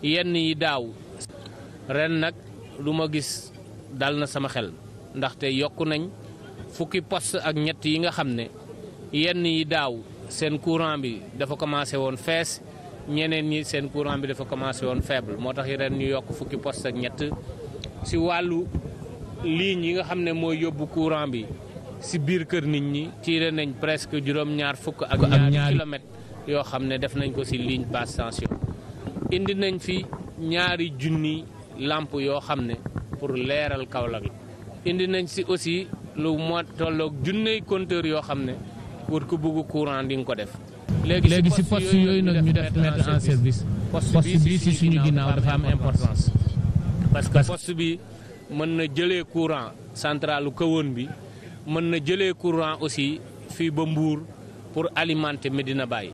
yenn yi daaw ren nag lu ma gis dal na sama xel ndaxte yokk nañ fukki poste ak ñett yi nga xam ne yenn yi daaw seen courant bi dafa commencé woon fees ñeneen ñi seen courant bi dafa commencé woon faible moo tax ren ñu yokk fukki poste ak ñett si wàllu ligne yi nga xam ne mooy yóbbu courant bi si biir kër nit ñi tiire nañ presque juróom-ñaar fukk ak ñaar kilomètres yoo xam ne def nañ ko si ligne basse tension indi nañ fi ñaari junni làmp yoo xam ne pour leeral Kaolack la indi nañ si aussi lu moo tolloog junney compteur yoo xam ne pour ku bugg courant di nga ko def. léegi si poste yooyu nag ñu def mettre en service poste bi si suñu ginnaaw dafa am importance. parce que poste bi mën na jëlee courant centralu kawoon bi mën na jëlee courant aussi fii ba Mbour pour alimenter Medina bàyyi